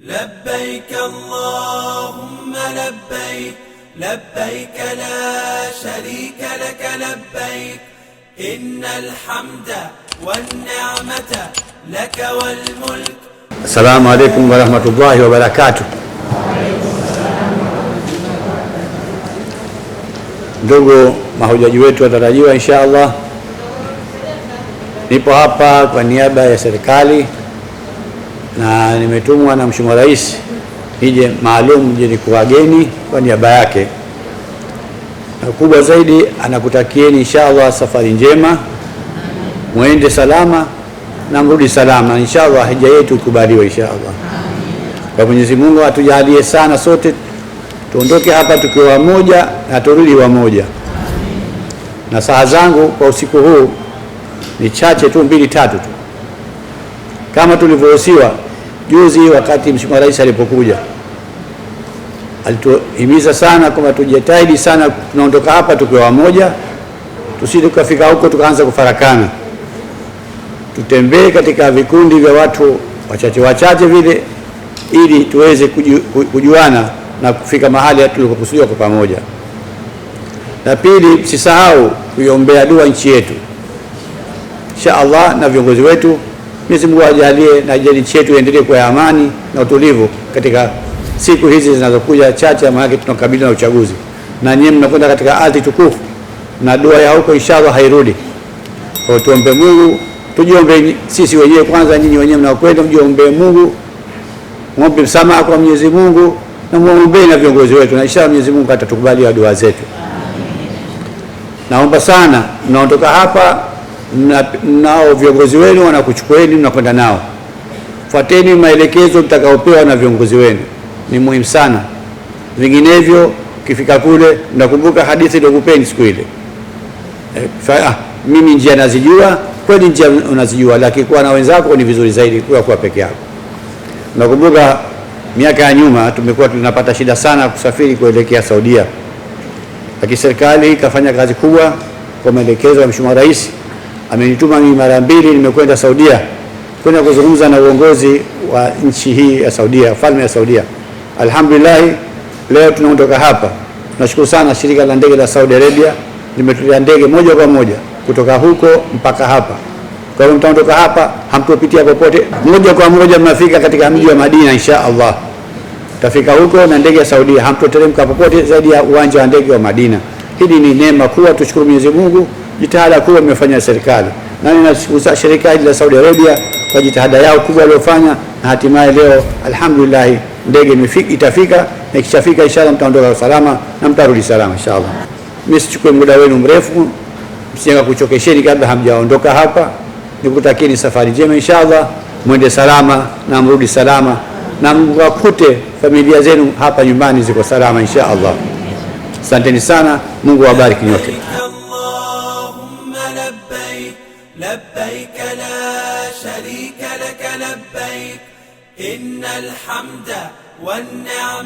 لبيك اللهم لبيك لبيك لا شريك لك لبيك إن الحمد والنعمة لك والملك السلام عليكم ورحمة الله وبركاته Ndugu mahujaji wetu watarajiwa insha Allah, nipo hapa kwa niaba ya serikali na nimetumwa na Mheshimiwa Rais nije maalum mjini kuwageni kwa niaba yake. Kubwa zaidi anakutakieni inshallah safari njema, muende salama na mrudi salama inshallah. Hija yetu ikubaliwe inshallah kwa Mwenyezi Mungu, atujalie sana sote tuondoke hapa tukiwa wamoja na turudi wamoja. Na saha zangu kwa usiku huu ni chache tu, mbili tatu tu, kama tulivyohusiwa Juzi wakati Mheshimiwa Rais alipokuja alituhimiza sana kwamba tujitahidi sana, tunaondoka hapa tukiwa wamoja, tusije tukafika huko tukaanza kufarakana. Tutembee katika vikundi vya watu wachache wachache vile, ili tuweze kuju, kujuana na kufika mahali tulikokusudiwa kwa pamoja. Na pili, msisahau kuiombea dua nchi yetu insha Allah na viongozi wetu Mwenyezi Mungu ajalie na nchi yetu endelee kwa amani na utulivu katika siku hizi zinazokuja chache, maanake tunakabiliana na uchaguzi, na nyinyi mnakwenda katika ardhi tukufu, na dua ya huko inshallah hairudi. Kwa tuombe Mungu, tujiombe sisi wenyewe kwanza, nyinyi wenyewe mnakwenda mjiombe Mungu, muombe msamaha kwa Mwenyezi Mungu na muombe na viongozi wetu, na inshallah Mwenyezi Mungu atatukubalia dua zetu. Naomba sana naondoka hapa na, nao viongozi wenu wanakuchukueni mnakwenda nao. Fuateni maelekezo mtakaopewa na viongozi wenu, ni muhimu sana, vinginevyo kifika kule, nakumbuka hadithi ndokupeni siku ile e, mimi njia nazijua kweli, njia unazijua, lakini kuwa na wenzako ni vizuri zaidi kuwa kuwa peke yako. Nakumbuka miaka ya nyuma tumekuwa tunapata shida sana kusafiri kuelekea Saudia, lakini serikali ikafanya kazi kubwa kwa maelekezo ya Mheshimiwa Rais amenituma mimi mara mbili, nimekwenda Saudia kwenda kuzungumza na uongozi wa nchi hii ya Saudia, falme ya Saudia. Alhamdulillah, leo tunaondoka hapa. Tunashukuru sana shirika la ndege la Saudi Arabia limetulia ndege moja kwa moja kutoka huko mpaka hapa. Kwa hiyo mtaondoka hapa, hamtopitia popote, moja kwa moja mnafika katika mji wa Madina insha Allah. Tafika huko na ndege ya Saudia, hamtoteremka popote zaidi ya uwanja wa ndege wa Madina. Hili ni neema kubwa, tushukuru Mwenyezi Mungu jitihada kubwa imefanya serikali, na ninashukuru shirika hili la Saudi Arabia kwa jitihada yao kubwa waliofanya, na hatimaye leo alhamdulillah ndege itafika, na ikishafika inshallah mtaondoka salama na mtarudi salama inshallah. Mimi sichukue muda wenu mrefu, msijenga kuchokesheni kabla hamjaondoka hapa. Nikutakieni safari njema inshallah, mwende salama na mrudi salama, na mwakute familia zenu hapa nyumbani ziko salama inshallah. Asanteni sana, Mungu awabariki nyote. لبيك لا شريك لك لبيك إن الحمد والنعمة